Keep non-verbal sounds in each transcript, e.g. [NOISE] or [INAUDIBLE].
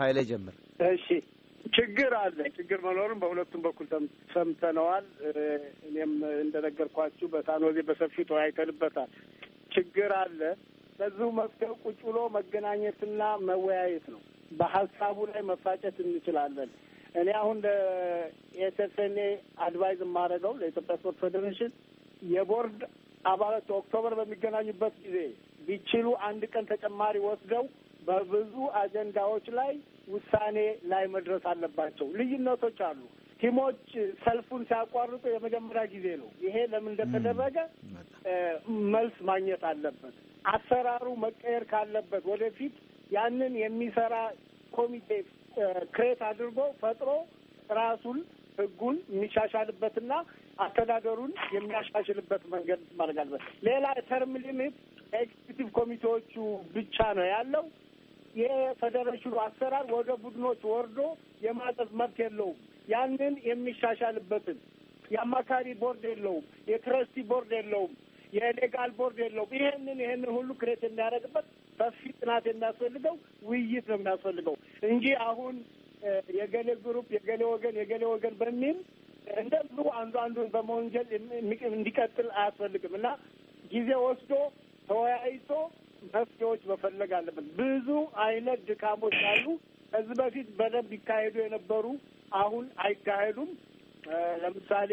ኃይሌ ጀምር። እሺ ችግር አለ። ችግር መኖሩን በሁለቱም በኩል ሰምተነዋል። እኔም እንደነገርኳችሁ በሳኖዜ በሰፊ ተወያይተንበታል። ችግር አለ። ለዚሁ መፍትሄው ቁጭ ብሎ መገናኘትና መወያየት ነው። በሀሳቡ ላይ መፋጨት እንችላለን። እኔ አሁን ለኤስፍኔ አድቫይዝ የማደርገው ለኢትዮጵያ ስፖርት ፌዴሬሽን የቦርድ አባላት ኦክቶበር በሚገናኙበት ጊዜ ቢችሉ አንድ ቀን ተጨማሪ ወስደው በብዙ አጀንዳዎች ላይ ውሳኔ ላይ መድረስ አለባቸው። ልዩነቶች አሉ። ቲሞች ሰልፉን ሲያቋርጡ የመጀመሪያ ጊዜ ነው። ይሄ ለምን እንደተደረገ መልስ ማግኘት አለበት። አሰራሩ መቀየር ካለበት ወደፊት ያንን የሚሰራ ኮሚቴ ክሬት አድርጎ ፈጥሮ ራሱን ህጉን የሚሻሻልበትና አስተዳደሩን የሚያሻሽልበት መንገድ ማድረግ አለበት። ሌላ ተርም ሊሚት ኤግዚኪቲቭ ኮሚቴዎቹ ብቻ ነው ያለው። የፌዴሬሽኑ አሰራር ወደ ቡድኖች ወርዶ የማጠፍ መብት የለውም። ያንን የሚሻሻልበትን የአማካሪ ቦርድ የለውም፣ የትረስቲ ቦርድ የለውም፣ የሌጋል ቦርድ የለውም። ይህንን ይህንን ሁሉ ክሬት የሚያደርግበት ሰፊ ጥናት የሚያስፈልገው ውይይት ነው የሚያስፈልገው እንጂ አሁን የገሌ ግሩፕ የገሌ ወገን የገሌ ወገን በሚል እንደዙ አንዱ አንዱን በመወንጀል እንዲቀጥል አያስፈልግም እና ጊዜ ወስዶ ተወያይቶ መፍትሄዎች መፈለግ አለበት። ብዙ አይነት ድካሞች አሉ። ከዚህ በፊት በደንብ ይካሄዱ የነበሩ አሁን አይካሄዱም። ለምሳሌ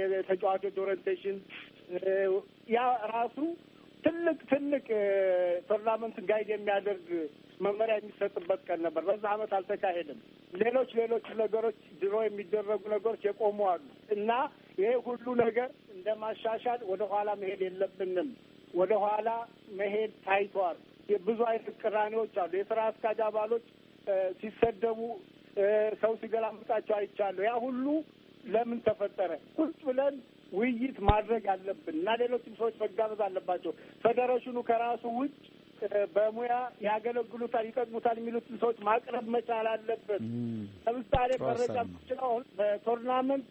የተጫዋቾች ኦሪንቴሽን ያ ራሱ ትልቅ ትልቅ ቶርናመንት ጋይድ የሚያደርግ መመሪያ የሚሰጥበት ቀን ነበር። በዛ አመት አልተካሄደም። ሌሎች ሌሎች ነገሮች ድሮ የሚደረጉ ነገሮች የቆሙ አሉ እና ይሄ ሁሉ ነገር እንደ ማሻሻል ወደ ኋላ መሄድ የለብንም። ወደ ኋላ መሄድ ታይቷል። ብዙ አይነት ቅራኔዎች አሉ። የስራ አስኪያጅ አባሎች ሲሰደቡ፣ ሰው ሲገላምጣቸው አይቻለሁ። ያ ሁሉ ለምን ተፈጠረ? ቁጭ ብለን ውይይት ማድረግ አለብን እና ሌሎችም ሰዎች መጋበዝ አለባቸው። ፌዴሬሽኑ ከራሱ ውጭ በሙያ ያገለግሉታል፣ ይጠቅሙታል የሚሉትን ሰዎች ማቅረብ መቻል አለበት። ለምሳሌ መረጃ ችለው በቶርናመንት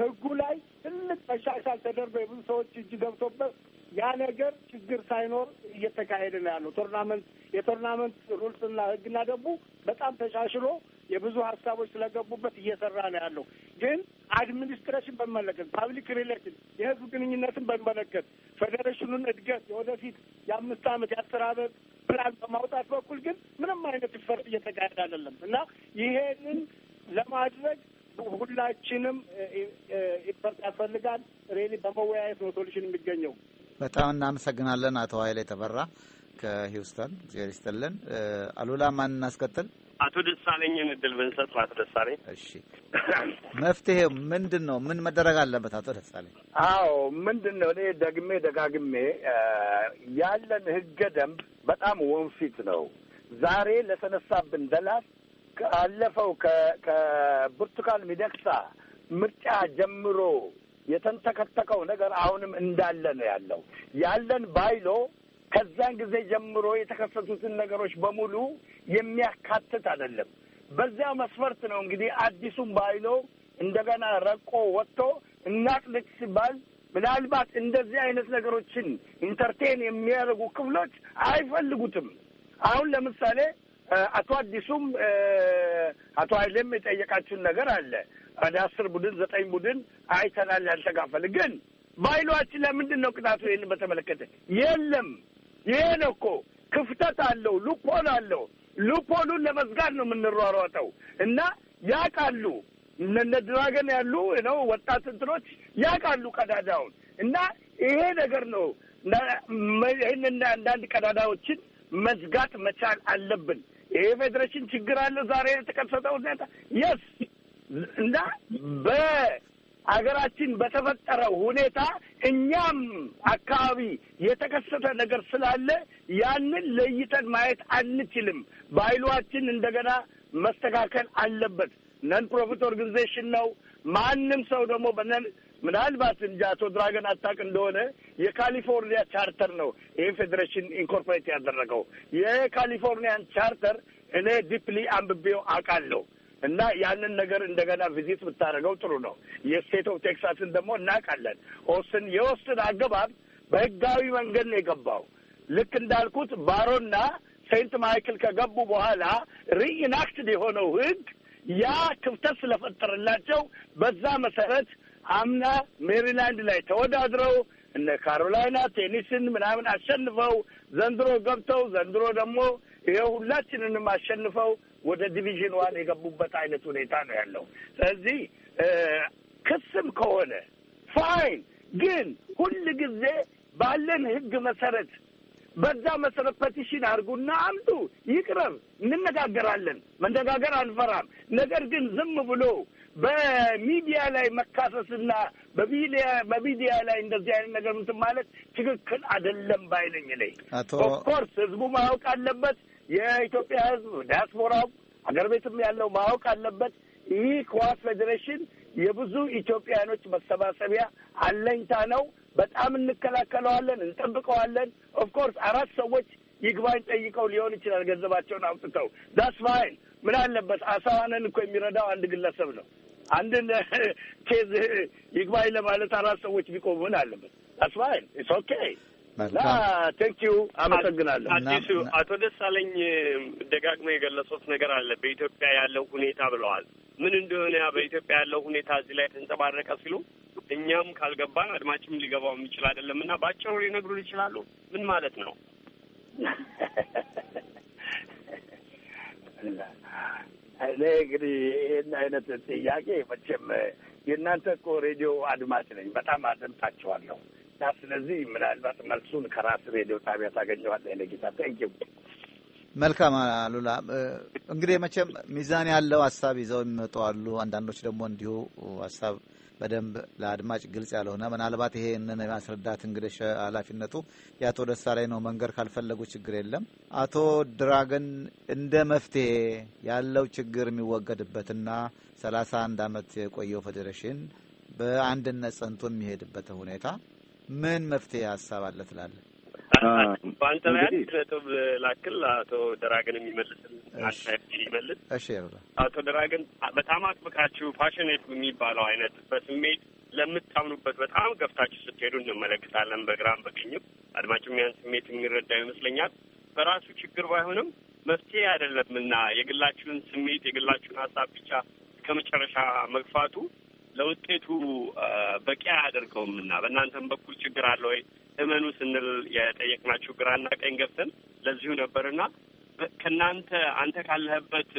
ህጉ ላይ ትልቅ መሻሻል ተደርጎ የብዙ ሰዎች እጅ ገብቶበት ያ ነገር ችግር ሳይኖር እየተካሄደ ነው ያለው። ቶርናመንት የቶርናመንት ሩልስና ህግና ደቡ በጣም ተሻሽሎ የብዙ ሀሳቦች ስለገቡበት እየሰራ ነው ያለው። ግን አድሚኒስትሬሽን በመለከት ፓብሊክ ሪሌሽን የህዝብ ግንኙነትን በመለከት ፌዴሬሽኑን እድገት የወደፊት የአምስት ዓመት የአስር ዓመት ፕላን በማውጣት በኩል ግን ምንም አይነት ይፈርጥ እየተካሄደ አይደለም እና ይሄንን ለማድረግ ሁላችንም ኢፈርት ያስፈልጋል። ሬሊ በመወያየት ነው ሶሉሽን የሚገኘው። በጣም እናመሰግናለን አቶ ኃይል የተፈራ ከሂውስተን ዜር ይስጥልን። አሉላ ማን እናስከትል? አቶ ደሳለኝን እድል ብንሰጥ። አቶ ደሳለኝ፣ እሺ መፍትሄ ምንድን ነው? ምን መደረግ አለበት? አቶ ደሳለኝ፣ አዎ ምንድን ነው? እኔ ደግሜ ደጋግሜ ያለን ህገ ደንብ በጣም ወንፊት ነው። ዛሬ ለተነሳብን ደላት ካለፈው ከብርቱካን ሚደቅሳ ምርጫ ጀምሮ የተንተከተከው ነገር አሁንም እንዳለ ነው ያለው። ያለን ባይሎ ከዛን ጊዜ ጀምሮ የተከሰቱትን ነገሮች በሙሉ የሚያካትት አይደለም። በዚያ መስፈርት ነው እንግዲህ አዲሱን ባይሎ እንደገና ረቆ ወጥቶ እናጥልቅ ሲባል ምናልባት እንደዚህ አይነት ነገሮችን ኢንተርቴን የሚያደርጉ ክፍሎች አይፈልጉትም። አሁን ለምሳሌ አቶ አዲሱም አቶ ኃይሌም የጠየቃችሁን ነገር አለ። ወደ አስር ቡድን ዘጠኝ ቡድን አይተናል ያልተጋፈል ግን ባይሏችን ለምንድን ነው ቅጣቱ? ይህን በተመለከተ የለም። ይሄ ነው እኮ ክፍተት አለው፣ ሉፖል አለው። ሉፖሉን ለመዝጋት ነው የምንሯሯጠው እና ያቃሉ እነ ድራገን ያሉ ነው ወጣት እንትኖች ያቃሉ ቀዳዳውን እና ይሄ ነገር ነው። ይህንና አንዳንድ ቀዳዳዎችን መዝጋት መቻል አለብን። ይሄ ፌዴሬሽን ችግር አለ ዛሬ የተከሰተው ሁኔታ የስ እና በሀገራችን በተፈጠረው ሁኔታ እኛም አካባቢ የተከሰተ ነገር ስላለ ያንን ለይተን ማየት አንችልም። ባይሏችን እንደገና መስተካከል አለበት። ነን ፕሮፊት ኦርጋኒዜሽን ነው። ማንም ሰው ደግሞ በነን ምናልባት እንጂ አቶ ድራገን አታውቅ እንደሆነ የካሊፎርኒያ ቻርተር ነው ይህን ፌዴሬሽን ኢንኮርፖሬት ያደረገው። የካሊፎርኒያን ቻርተር እኔ ዲፕሊ አንብቤው አውቃለሁ። እና ያንን ነገር እንደገና ቪዚት ብታደርገው ጥሩ ነው። የስቴት ኦፍ ቴክሳስን ደግሞ እናውቃለን። ኦስትን የኦስትን አገባብ በህጋዊ መንገድ ነው የገባው። ልክ እንዳልኩት ባሮና ሴንት ማይክል ከገቡ በኋላ ሪኢናክትድ የሆነው ህግ ያ ክፍተት ስለፈጠረላቸው በዛ መሰረት አምና ሜሪላንድ ላይ ተወዳድረው እነ ካሮላይና ቴኒስን ምናምን አሸንፈው ዘንድሮ ገብተው ዘንድሮ ደግሞ ይሄ ሁላችንንም አሸንፈው ወደ ዲቪዥን ዋን የገቡበት አይነት ሁኔታ ነው ያለው። ስለዚህ ክስም ከሆነ ፋይን፣ ግን ሁል ጊዜ ባለን ህግ መሰረት በዛ መሰረት ፐቲሽን አድርጉና አምጡ፣ ይቅረብ፣ እንነጋገራለን። መነጋገር አንፈራም። ነገር ግን ዝም ብሎ በሚዲያ ላይ መካሰስና በሚዲያ ላይ እንደዚህ አይነት ነገር ምትን ማለት ትክክል አይደለም ባይነኝ ላይ ኦፍኮርስ ህዝቡ ማወቅ አለበት። የኢትዮጵያ ሕዝብ ዲያስፖራው ሀገር ቤትም ያለው ማወቅ አለበት። ይህ ኳስ ፌዴሬሽን የብዙ ኢትዮጵያውያኖች መሰባሰቢያ አለኝታ ነው። በጣም እንከላከለዋለን፣ እንጠብቀዋለን። ኦፍኮርስ አራት ሰዎች ይግባኝ ጠይቀው ሊሆን ይችላል ገንዘባቸውን አውጥተው ዳስ ፋይን ምን አለበት። አሳዋነን እኮ የሚረዳው አንድ ግለሰብ ነው። አንድን [LAUGHS] ኬዝ ይግባኝ ለማለት አራት ሰዎች ቢቆሙ ምን አለበት? ዳስ ፋይን ኢትስ ኦኬ። ቴንኪዩ አመሰግናለሁ። አዲሱ አቶ ደሳለኝ ደጋግመው የገለጹት ነገር አለ በኢትዮጵያ ያለው ሁኔታ ብለዋል። ምን እንደሆነ በኢትዮጵያ ያለው ሁኔታ እዚህ ላይ ተንጸባረቀ ሲሉ እኛም ካልገባን አድማጭም ሊገባው የሚችል አይደለም እና በአጭሩ ሊነግሩን ይችላሉ? ምን ማለት ነው? እኔ እንግዲህ ይህን አይነት ጥያቄ መቼም የእናንተ እኮ ሬዲዮ አድማጭ ነኝ፣ በጣም አደምጣችኋለሁ። እና ስለዚህ ምናልባት መልሱን ከራስ ሬዲዮ ጣቢያ ታገኘዋለህ። ለጌታ ታንኪው መልካም አሉላ። እንግዲህ መቼም ሚዛን ያለው ሀሳብ ይዘው የሚመጡ አሉ። አንዳንዶች ደግሞ እንዲሁ ሀሳብ በደንብ ለአድማጭ ግልጽ ያልሆነ ምናልባት ይሄንን የማስረዳት እንግዲህ ኃላፊነቱ የአቶ ደሳለኝ ነው። መንገድ ካልፈለጉ ችግር የለም። አቶ ድራገን እንደ መፍትሄ ያለው ችግር የሚወገድበትና ሰላሳ አንድ ዓመት የቆየው ፌዴሬሽን በአንድነት ጸንቶ የሚሄድበት ሁኔታ ምን መፍትሄ ሀሳብ አለ ትላለህ? በአንተ ላይ አንድ ነጥብ ላክል። አቶ ደራገን የሚመልስን ይመልስ። እሺ አቶ ደራገን በጣም አጥብቃችሁ ፓሽኔት የሚባለው አይነት በስሜት ለምታምኑበት በጣም ገፍታችሁ ስትሄዱ እንመለከታለን። በግራም በቀኝም አድማጭም ያን ስሜት የሚረዳው ይመስለኛል። በራሱ ችግር ባይሆንም መፍትሄ አይደለምና የግላችሁን ስሜት የግላችሁን ሀሳብ ብቻ ከመጨረሻ መግፋቱ ለውጤቱ በቂ አያደርገውም እና በእናንተም በኩል ችግር አለ ወይ እመኑ ስንል የጠየቅናችሁ ግራና ቀኝ ገብተን ለዚሁ ነበርና ከእናንተ አንተ ካለህበት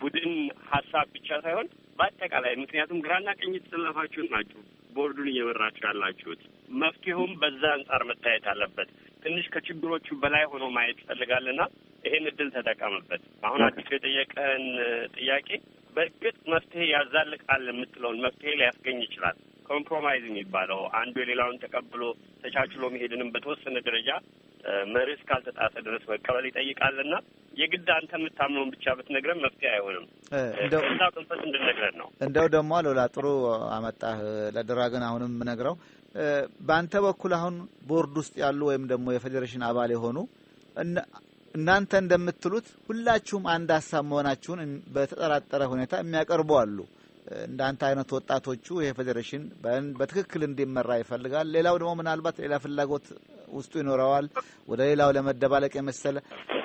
ቡድን ሀሳብ ብቻ ሳይሆን በአጠቃላይ ምክንያቱም ግራና ቀኝ የተሰለፋችሁት ናችሁ ቦርዱን እየመራችሁ ያላችሁት መፍትሄውም በዛ አንጻር መታየት አለበት። ትንሽ ከችግሮቹ በላይ ሆኖ ማየት ይፈልጋልና ይሄን እድል ተጠቀምበት። አሁን አዲሱ የጠየቀህን ጥያቄ በእርግጥ መፍትሄ ያዛልቃል የምትለውን መፍትሄ ሊያስገኝ ይችላል። ኮምፕሮማይዝ የሚባለው አንዱ የሌላውን ተቀብሎ ተቻችሎ መሄድንም በተወሰነ ደረጃ መርህ እስካልተጣሰ ድረስ መቀበል ይጠይቃልና የግድ አንተ የምታምነውን ብቻ ብትነግረን መፍትሄ አይሆንም። እንደው መንፈስ እንድነግረን ነው። እንደው ደግሞ ሎላ ጥሩ አመጣህ። ለድራግን አሁንም የምነግረው በአንተ በኩል አሁን ቦርድ ውስጥ ያሉ ወይም ደግሞ የፌዴሬሽን አባል የሆኑ እናንተ እንደምትሉት ሁላችሁም አንድ ሀሳብ መሆናችሁን በተጠራጠረ ሁኔታ የሚያቀርቡ አሉ። እንዳንተ አይነት ወጣቶቹ ይሄ ፌዴሬሽን በትክክል እንዲመራ ይፈልጋል። ሌላው ደግሞ ምናልባት ሌላ ፍላጎት ውስጡ ይኖረዋል፣ ወደ ሌላው ለመደባለቅ የመሰለ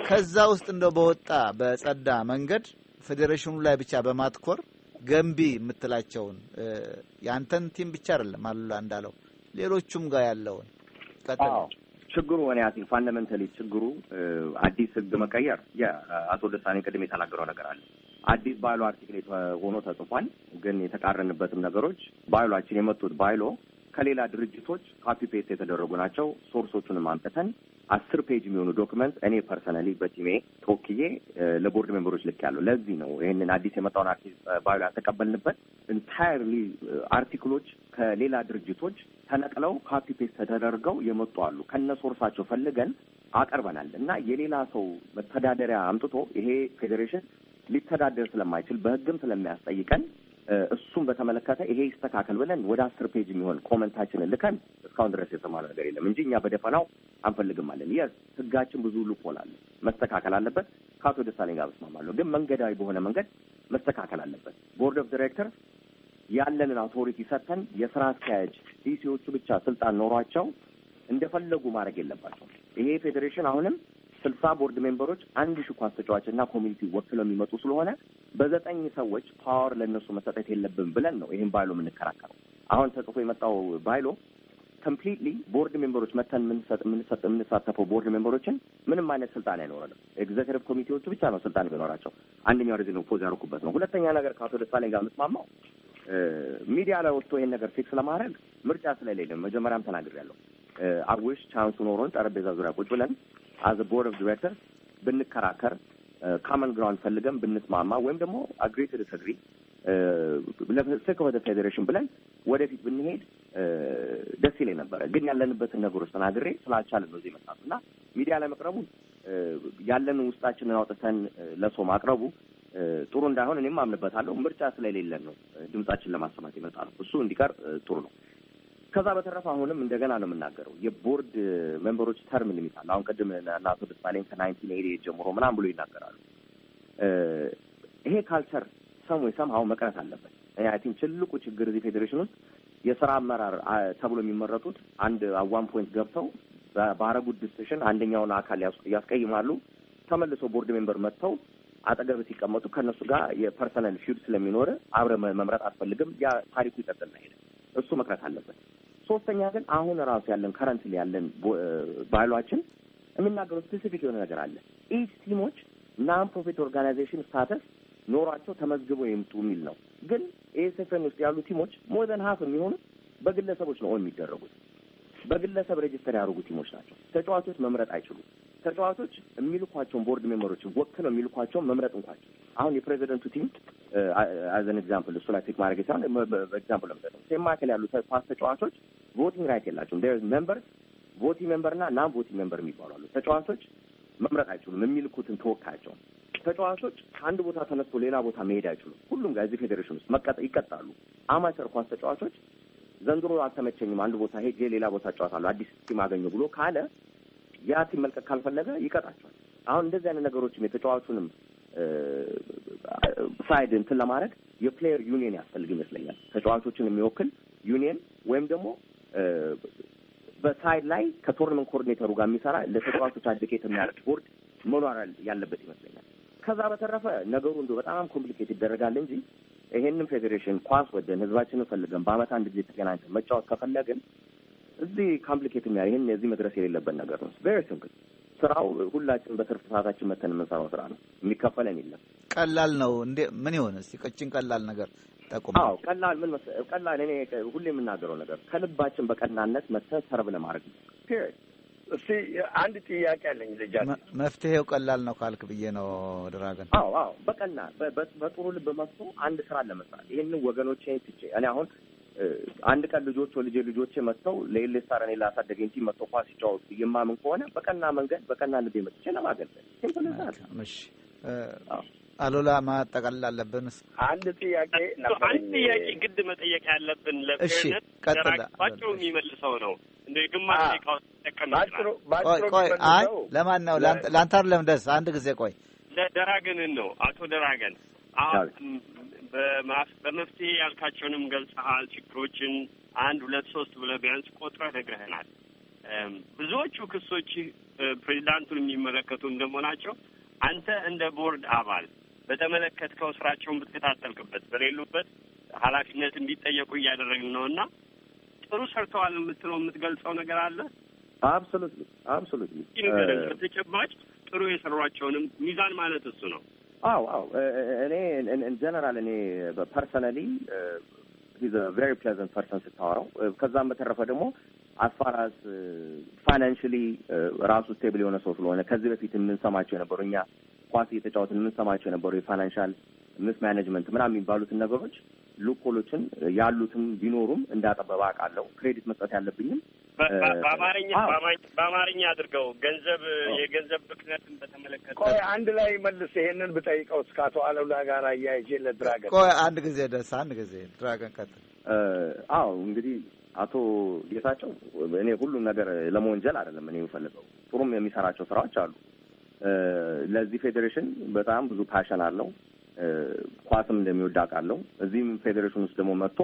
ከዛ ውስጥ እንደው በወጣ በጸዳ መንገድ ፌዴሬሽኑ ላይ ብቻ በማትኮር ገንቢ የምትላቸውን የአንተን ቲም ብቻ አይደለም አሉላ እንዳለው ሌሎቹም ጋር ያለውን ችግሩ እኔ አይ ፋንዳሜንታሊ ችግሩ አዲስ ህግ መቀየር የአቶ ደሳኔ ቅድም የተናገረው ነገር አለ። አዲስ ባይሎ አርቲክል ሆኖ ተጽፏል። ግን የተቃረንበትም ነገሮች ባይሎችን የመጡት ባይሎ ከሌላ ድርጅቶች ካፒ ፔስት የተደረጉ ናቸው። ሶርሶቹንም አምጥተን አስር ፔጅ የሚሆኑ ዶክመንት እኔ ፐርሰናሊ በቲሜ ቶክዬ ለቦርድ ሜምበሮች ልክ ያለው። ለዚህ ነው ይህንን አዲስ የመጣውን አርቲስት ባዮ ያልተቀበልንበት። ኢንታየርሊ አርቲክሎች ከሌላ ድርጅቶች ተነቅለው ካፒ ፔስት ተደርገው የመጡ አሉ። ከነ ሶርሳቸው ፈልገን አቀርበናል እና የሌላ ሰው መተዳደሪያ አምጥቶ ይሄ ፌዴሬሽን ሊተዳደር ስለማይችል በህግም ስለሚያስጠይቀን እሱም በተመለከተ ይሄ ይስተካከል ብለን ወደ አስር ፔጅ የሚሆን ኮመንታችንን ልከን እስካሁን ድረስ የሰማነው ነገር የለም እንጂ እኛ በደፈናው አንፈልግም አለን። የስ ህጋችን ብዙ አለ መስተካከል አለበት። ከአቶ ደሳለኝ ጋር እስማማለሁ፣ ግን መንገዳዊ በሆነ መንገድ መስተካከል አለበት። ቦርድ ኦፍ ዲሬክተር ያለንን አውቶሪቲ ሰጥተን የስራ አስኪያጅ ዲሲዎቹ ብቻ ስልጣን ኖሯቸው እንደፈለጉ ማድረግ የለባቸው። ይሄ ፌዴሬሽን አሁንም ስልሳ ቦርድ ሜምበሮች አንድ ሺ ኳስ ተጫዋች እና ኮሚኒቲ ወክለው የሚመጡ ስለሆነ በዘጠኝ ሰዎች ፓወር ለእነሱ መሰጠት የለብን ብለን ነው ይህን ባይሎ የምንከራከረው። አሁን ተጽፎ የመጣው ባይሎ ኮምፕሊትሊ ቦርድ ሜምበሮች መተን የምንሳተፈው ቦርድ ሜምበሮችን ምንም አይነት ስልጣን አይኖረንም። ኤግዘክቲቭ ኮሚቴዎቹ ብቻ ነው ስልጣን የሚኖራቸው። አንደኛው ወደዚህ ነው ፖዝ ያደረኩበት ነው። ሁለተኛ ነገር ከአቶ ደሳለኝ ጋር የምስማማው ሚዲያ ላይ ወጥቶ ይሄን ነገር ፊክስ ለማድረግ ምርጫ ስለሌለም መጀመሪያም ተናግሬያለሁ። አዊሽ ቻንሱ ኖሮን ጠረጴዛ ዙሪያ ቁጭ ብለን አዘ ቦርድ ኦፍ ዲሬክተር ብንከራከር ካመን uh, ግራውንድ ፈልገን ብንስማማ ወይም ደግሞ አግሪ ቱ ዲስአግሪ ለፍስክ ወደ ፌዴሬሽን ብለን ወደፊት ብንሄድ uh, ደስ ይለኝ ነበረ። ግን ያለንበትን ነገሮች ተናግሬ ስላልቻለን ነው እዚህ መጣት እና ሚዲያ ላይ መቅረቡ uh, ያለንን ውስጣችንን አውጥተን ለሰው ማቅረቡ ጥሩ እንዳይሆን እኔም አምንበታለሁ። ምርጫ ስለሌለን ነው ድምጻችን ለማሰማት የመጣ ነው። እሱ እንዲቀር ጥሩ ነው። ከዛ በተረፈ አሁንም እንደገና ነው የምናገረው የቦርድ ሜምበሮች ተርም ሊሚት አለ። አሁን ቅድም አቶ ደሳለኝ ከናይንቲን ኤይት ጀምሮ ምናምን ብሎ ይናገራሉ። ይሄ ካልቸር ሰም ወይ ሰምሀው መቅረት አለበት። አይ ቲንክ ትልቁ ችግር እዚህ ፌዴሬሽን ውስጥ የስራ አመራር ተብሎ የሚመረጡት አንድ ዋን ፖይንት ገብተው ባረጉት ዲስሽን አንደኛውን አካል ያስቀይማሉ። ተመልሶ ቦርድ ሜምበር መጥተው አጠገብ ሲቀመጡ ከእነሱ ጋር የፐርሰናል ፊውድ ስለሚኖር አብረ መምረጥ አስፈልግም። ያ ታሪኩ ይጠጥልና ሄደ እሱ መቅረት አለበት። ሶስተኛ ግን አሁን ራሱ ያለን ከረንት ያለን ባህሏችን የሚናገሩት ስፔሲፊክ የሆነ ነገር አለ። ኢች ቲሞች ናን ፕሮፊት ኦርጋናይዜሽን ስታተስ ኖሯቸው ተመዝግቦ የምጡ የሚል ነው። ግን ኤስፍን ውስጥ ያሉ ቲሞች ሞር ዘን ሀፍ የሚሆኑት በግለሰቦች ነው የሚደረጉት። በግለሰብ ሬጅስተር ያደርጉ ቲሞች ናቸው። ተጫዋቾች መምረጥ አይችሉም። ተጫዋቾች የሚልኳቸውን ቦርድ ሜምበሮች ወክለው የሚልኳቸውን መምረጥ እንኳን አሁን የፕሬዚደንቱ ቲም አዘን ኤግዛምፕል እሱ ላይ ፒክ ማድረግ ሳይሆን ኤግዛምፕል ለምሰጥ ሴማክል ያሉ ኳስ ተጫዋቾች ቮቲንግ ራይት የላቸውም። ሜምበር ቮቲ ሜምበር እና ናን ቮቲ ሜምበር የሚባሉ አሉ። ተጫዋቾች መምረጥ አይችሉም የሚልኩትን ተወካያቸውን። ተጫዋቾች ከአንድ ቦታ ተነስቶ ሌላ ቦታ መሄድ አይችሉም። ሁሉም ጋር እዚህ ፌዴሬሽን ውስጥ መቀጠ ይቀጣሉ። አማቸር ኳስ ተጫዋቾች ዘንድሮ አልተመቸኝም፣ አንድ ቦታ ሄጄ ሌላ ቦታ እጫወታለሁ አዲስ ቲም አገኘ ብሎ ካለ ያ ቲም መልቀቅ ካልፈለገ ይቀጣቸዋል። አሁን እንደዚህ አይነት ነገሮችም የተጫዋቹንም ሳይድ እንትን ለማድረግ የፕሌየር ዩኒየን ያስፈልግ ይመስለኛል። ተጫዋቾችን የሚወክል ዩኒየን ወይም ደግሞ በሳይድ ላይ ከቶርናመንት ኮኦርዲኔተሩ ጋር የሚሰራ ለተጫዋቾች አድቄት የሚያደርግ ቦርድ መኖር ያለበት ይመስለኛል። ከዛ በተረፈ ነገሩ እንዲ በጣም ኮምፕሊኬት ይደረጋል እንጂ ይሄንም ፌዴሬሽን ኳስ ወደን ህዝባችንን ፈልገን በአመት አንድ ጊዜ ተገናኝተን መጫወት ከፈለግን እዚህ ካምፕሊኬት የሚያ ይህም የዚህ መድረስ የሌለበት ነገር ነው። ቬሪ ሲምፕል ስራው ሁላችን በትርፍ ሰዓታችን መተን የምንሰራው ስራ ነው። የሚከፈለን የለም። ቀላል ነው እንዴ? ምን ይሆን እስቲ ቀጭን ቀላል ነገር ጠቁም። አዎ ቀላል ምን መሰለህ፣ ቀላል እኔ ሁሌ የምናገረው ነገር ከልባችን በቀናነት መተን ሰርብ ለማድረግ ፔሪድ እስቲ አንድ ጥያቄ አለኝ። ልጃ መፍትሄው ቀላል ነው ካልክ ብዬ ነው ድራገን። አዎ አዎ፣ በቀና በጥሩ ልብ መጥቶ አንድ ስራ ለመስራት ይህንን ወገኖቼን ትቼ እኔ አሁን አንድ ቀን ልጆች ወልጄ ልጆቼ መጥተው ለኤሌስታር እኔ ላሳደገኝ ቲም መጥተው ኳስ ሲጫወቱ የማምን ከሆነ በቀና መንገድ በቀና ልቤ መጥቼ ለማገልገል ሲምፕልዛል። አሉላ ማጠቃለል አለብን። አንድ ጥያቄ አንድ ጥያቄ ግድ መጠየቅ ያለብን ለፌርነት ራቸው የሚመልሰው ነው እንደ አይ ለማን ነው ለአንተ አይደለም ደስ አንድ ጊዜ ቆይ ለደራገንን ነው አቶ ደራገን በመፍትሄ ያልካቸውንም ገልጸሃል። ችግሮችን አንድ ሁለት ሶስት ብለህ ቢያንስ ቆጥረህ ነግረህናል። ብዙዎቹ ክሶች ፕሬዚዳንቱን የሚመለከቱ እንደመሆናቸው አንተ እንደ ቦርድ አባል በተመለከትከው ስራቸውን ብትከታተልክበት በሌሉበት ኃላፊነት እንዲጠየቁ እያደረግን ነው እና ጥሩ ሰርተዋል የምትለው የምትገልጸው ነገር አለ? አብሶሉት አብሶሉትሊ በተጨባጭ ጥሩ የሰሯቸውንም ሚዛን ማለት እሱ ነው። አዎ አዎ እኔ ጀነራል እኔ ፐርሰናሊ ሂዝ ቬሪ ፕሌዘንት ፐርሰን ስታወራው፣ ከዛም በተረፈ ደግሞ አስፋራስ ፋይናንሽሊ ራሱ ስቴብል የሆነ ሰው ስለሆነ ከዚህ በፊት የምንሰማቸው የነበሩ እኛ ኳስ እየተጫወትን የምንሰማቸው የነበሩ የፋይናንሻል ምስ ማኔጅመንት ምናምን የሚባሉትን ነገሮች ሉኮሎችን ያሉትም ቢኖሩም እንዳጠበባ አውቃለሁ። ክሬዲት መስጠት ያለብኝም በአማርኛ በአማርኛ አድርገው ገንዘብ የገንዘብ ብክነትን በተመለከተ ቆይ አንድ ላይ መልስ። ይሄንን ብጠይቀው እስከ አቶ አለውላ ጋር አያይዤ ለድራገን ቆይ አንድ ጊዜ ደስ አንድ ጊዜ ድራገን ቀጥ አዎ እንግዲህ አቶ ጌታቸው እኔ ሁሉም ነገር ለመወንጀል አይደለም እኔ የምፈልገው ጥሩም የሚሰራቸው ስራዎች አሉ። ለዚህ ፌዴሬሽን በጣም ብዙ ፓሽን አለው። ኳስም እንደሚወድ አውቃለሁ። እዚህም ፌዴሬሽን ውስጥ ደግሞ መጥቶ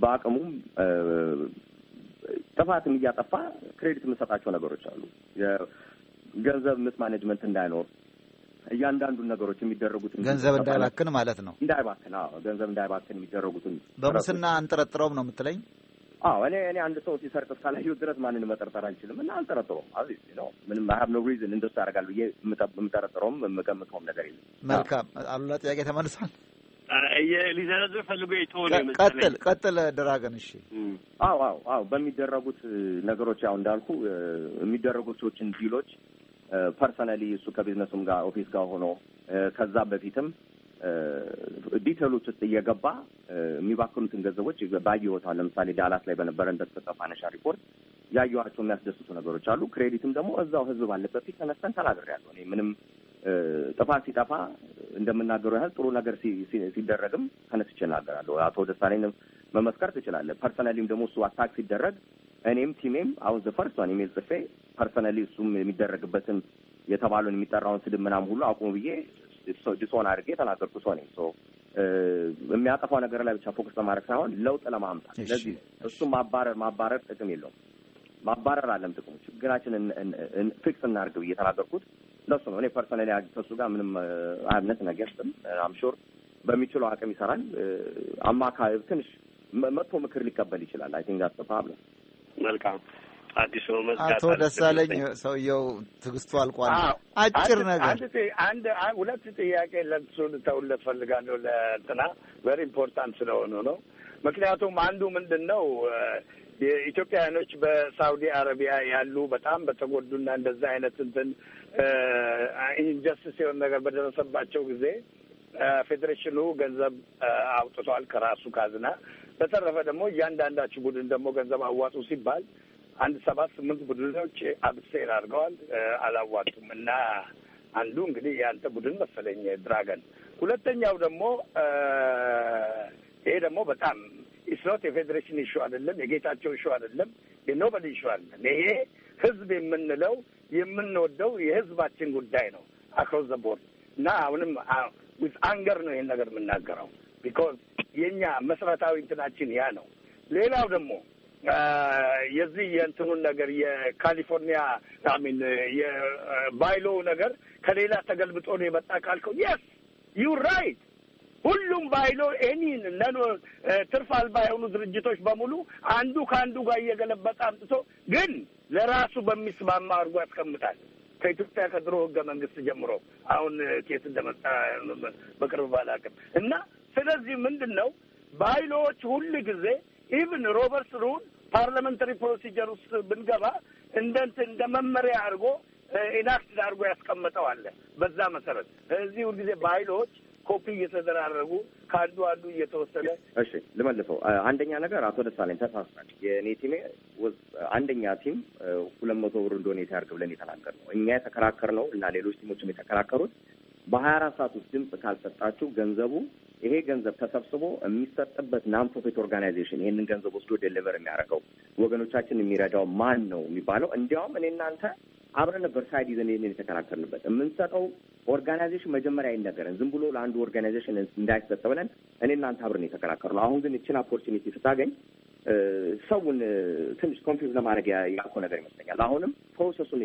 በአቅሙም ጥፋትም እያጠፋ ክሬዲት የምንሰጣቸው ነገሮች አሉ። የገንዘብ ምስ ማኔጅመንት እንዳይኖር እያንዳንዱን ነገሮች የሚደረጉትን ገንዘብ እንዳይባክን ማለት ነው። እንዳይባክን አዎ፣ ገንዘብ እንዳይባክን የሚደረጉትን በሙስና አንጠረጥረውም ነው የምትለኝ? አዎ እኔ እኔ አንድ ሰው ሲሰርቅ እስካላየሁ ድረስ ማንን መጠርጠር አልችልም እና አልጠረጥረውም። አብዚ ነው ምንም ሀብ ነው ሪዝን እንደሱ ያደርጋል ብዬ የምጠረጥረውም የምገምተውም ነገር የለም። መልካም አሉላ፣ ጥያቄ ተመልሷል። ሊዘረዝር ፈልጎ የተወ ቀጥል ቀጥል ድራገን እሺ አው አው አው በሚደረጉት ነገሮች ያው እንዳልኩ የሚደረጉት ሰዎችን ዲሎች ፐርሰናሊ እሱ ከቢዝነሱም ጋር ኦፊስ ጋር ሆኖ ከዛ በፊትም ዲቴሎች ውስጥ እየገባ የሚባክኑትን ገንዘቦች ባየወታል። ለምሳሌ ዳላስ ላይ በነበረ እንደተሰጠ ፋይናንሻል ሪፖርት ያየኋቸው የሚያስደስቱ ነገሮች አሉ። ክሬዲትም ደግሞ እዛው ህዝብ ባለበት ፊት ተነስተን ተናግሬያለሁ። እኔ ምንም ጥፋት ሲጠፋ እንደምናገሩ ያህል ጥሩ ነገር ሲደረግም ተነስቼ እናገራለሁ። አቶ ደሳኔን መመስከር ትችላለህ። ፐርሰናሊም ደግሞ እሱ አታክ ሲደረግ እኔም ቲሜም አሁን ዘፈርስ ን ኢሜል ጽፌ ፐርሰናሊ እሱም የሚደረግበትን የተባለውን የሚጠራውን ስድብ ምናም ሁሉ አቁሙ ብዬ ዲሶን አድርጌ የተናገርኩ ሰው ነኝ። የሚያጠፋው ነገር ላይ ብቻ ፎከስ ለማድረግ ሳይሆን ለውጥ ለማምጣት ስለዚህ እሱም ማባረር ማባረር ጥቅም የለውም። ማባረር አለም ጥቅሙ ችግራችን ፊክስ እናድርግ ብዬ የተናገርኩት ለሱ ነው። እኔ ፐርሰናሊ ከሱ ጋር ምንም አያነት ነገር ስም አምሹር በሚችለው አቅም ይሰራል። አማካይ ትንሽ መጥፎ ምክር ሊቀበል ይችላል። አይ ቲንክ አስ ፕሮብለም። መልካም አዲሱ አቶ ደሳለኝ ሰውየው ትግስቱ አልቋል። አጭር ነገር አንድ ሁለት ጥያቄ ለሱ ልተውለት ፈልጋለሁ። ለእንትና ቨሪ ኢምፖርታንት ስለሆኑ ነው። ምክንያቱም አንዱ ምንድን ነው የኢትዮጵያውያኖች በሳውዲ አረቢያ ያሉ በጣም በተጎዱና እንደዛ አይነት እንትን ኢንጀስቲስ የሆነ ነገር በደረሰባቸው ጊዜ ፌዴሬሽኑ ገንዘብ አውጥቷል ከራሱ ካዝና። በተረፈ ደግሞ እያንዳንዳችሁ ቡድን ደግሞ ገንዘብ አዋጡ ሲባል አንድ ሰባት ስምንት ቡድኖች አብስቴር አድርገዋል፣ አላዋጡም እና አንዱ እንግዲህ የአንተ ቡድን መሰለኝ ድራገን። ሁለተኛው ደግሞ ይሄ ደግሞ በጣም ኢስኖት የፌዴሬሽን ኢሹ አይደለም፣ የጌታቸው ኢሹ አይደለም፣ የኖበል ኢሹ አይደለም። ይሄ ህዝብ የምንለው የምንወደው የህዝባችን ጉዳይ ነው አክሮስ ዘ ቦርድ እና አሁንም ዊዝ አንገር ነው ይህን ነገር የምናገረው ቢኮዝ የእኛ መሰረታዊ እንትናችን ያ ነው። ሌላው ደግሞ የዚህ የእንትኑን ነገር የካሊፎርኒያ ሚን የባይሎ ነገር ከሌላ ተገልብጦ ነው የመጣ ካልከው የስ ዩ ራይት ሁሉም ባይሎ ኤኒን ትርፍ አልባ የሆኑ ድርጅቶች በሙሉ አንዱ ከአንዱ ጋር እየገለበጠ አምጥቶ ግን ለራሱ በሚስማማ አድርጎ ያስቀምጣል። ከኢትዮጵያ ከድሮ ህገ መንግስት ጀምሮ አሁን ኬት እንደመጣ በቅርብ ባላቅም እና ስለዚህ ምንድን ነው ባይሎዎች ሁል ጊዜ ኢቭን ሮበርት ሩል ፓርላመንታሪ ፕሮሲጀር ውስጥ ብንገባ እንደንት እንደ መመሪያ አድርጎ ኢናክት አድርጎ ያስቀምጠዋል። በዛ መሰረት እዚህ ሁልጊዜ ባይሎዎች ኮፒ እየተደራረጉ ካሉ አሉ እየተወሰነ። እሺ ልመልሰው። አንደኛ ነገር አቶ ደሳለኝ ተሳስናል። የእኔ ቲሜ አንደኛ ቲም ሁለት መቶ ብር እንደሆነ ያድርግ ብለን የተናገር ነው እኛ የተከራከር ነው እና ሌሎች ቲሞችም የተከራከሩት በሀያ አራት ሰዓት ውስጥ ድምፅ ካልሰጣችሁ ገንዘቡ ይሄ ገንዘብ ተሰብስቦ የሚሰጥበት ናን ፕሮፊት ኦርጋናይዜሽን ይህንን ገንዘብ ወስዶ ዴሊቨር የሚያደርገው ወገኖቻችን የሚረዳው ማን ነው የሚባለው። እንዲያውም እኔ እናንተ አብረን ነበር ሳይድ ይዘን ይህንን የተከራከርንበት። የምንሰጠው ኦርጋናይዜሽን መጀመሪያ አይነገረን ዝም ብሎ ለአንዱ ኦርጋናይዜሽን እንዳይሰጥ ብለን እኔ እናንተ አብረን የተከራከር ነው። አሁን ግን እችን ኦፖርቹኒቲ ስታገኝ ሰውን ትንሽ ኮንፊውዝ ለማድረግ ያልኮ ነገር ይመስለኛል። አሁንም ፕሮሰሱን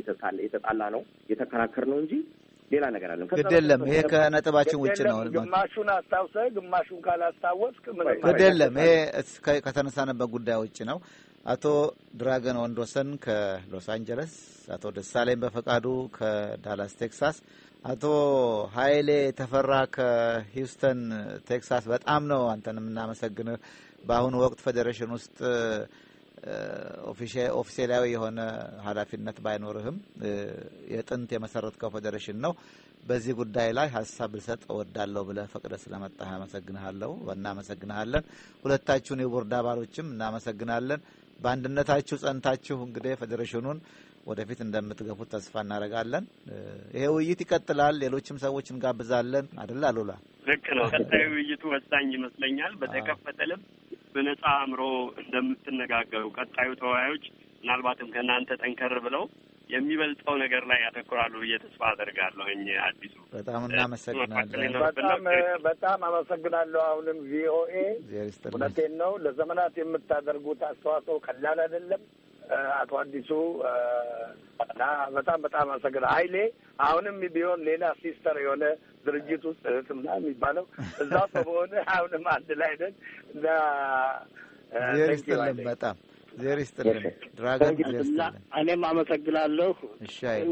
የተጣላ ነው የተከራከር ነው እንጂ ሌላ ነገር አለም። ግድ የለም ይሄ ከነጥባችን ውጭ ነው። ግማሹን አስታውሰ ግማሹን ካላስታወስክ ግድ የለም ይሄ ከተነሳነበት ጉዳይ ውጭ ነው። አቶ ድራገን ወንዶሰን ከሎስ አንጀለስ፣ አቶ ደሳሌን በፈቃዱ ከዳላስ ቴክሳስ፣ አቶ ሀይሌ ተፈራ ከሂውስተን ቴክሳስ በጣም ነው አንተን የምናመሰግንህ። በአሁኑ ወቅት ፌዴሬሽን ውስጥ ኦፊሴላዊ የሆነ ኃላፊነት ባይኖርህም የጥንት የመሰረትከው ፌዴሬሽን ነው። በዚህ ጉዳይ ላይ ሀሳብ ልሰጥ እወዳለሁ ብለህ ፈቅደ ስለመጣህ አመሰግንሃለሁ። እናመሰግንሃለን። ሁለታችሁን የቦርድ አባሎችም እናመሰግናለን። በአንድነታችሁ ጸንታችሁ እንግዲህ ፌዴሬሽኑን ወደፊት እንደምትገፉት ተስፋ እናደርጋለን። ይሄ ውይይት ይቀጥላል። ሌሎችም ሰዎች እንጋብዛለን። አደላ አሉላ፣ ልክ ነው። ቀጣዩ ውይይቱ ወሳኝ ይመስለኛል። በተከፈተ ልብ በነጻ አእምሮ እንደምትነጋገሩ ቀጣዩ ተወያዮች ምናልባትም ከእናንተ ጠንከር ብለው የሚበልጠው ነገር ላይ ያተኩራሉ ብዬ ተስፋ አደርጋለሁ። እኝ አዲሱ በጣም እናመሰግናለን። በጣም በጣም አመሰግናለሁ። አሁንም ቪኦኤ እውነቴን ነው ለዘመናት የምታደርጉት አስተዋጽኦ ቀላል አይደለም። አቶ አዲሱ በጣም በጣም አመሰግናለሁ። ኃይሌ አሁንም ቢሆን ሌላ ሲስተር የሆነ ድርጅት ውስጥ እህት እህትና የሚባለው እዛ በሆነ አሁንም አንድ ላይ ነን እና በጣም ዜር ይስጥልን። ድራገን እኔም አመሰግናለሁ።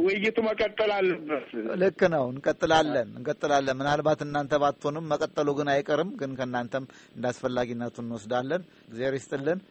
ውይይቱ መቀጠል አለበት። ልክ ነው። እንቀጥላለን እንቀጥላለን። ምናልባት እናንተ ባትሆኑም መቀጠሉ ግን አይቀርም። ግን ከእናንተም እንዳስፈላጊነቱ እንወስዳለን። ዜር ይስጥልን።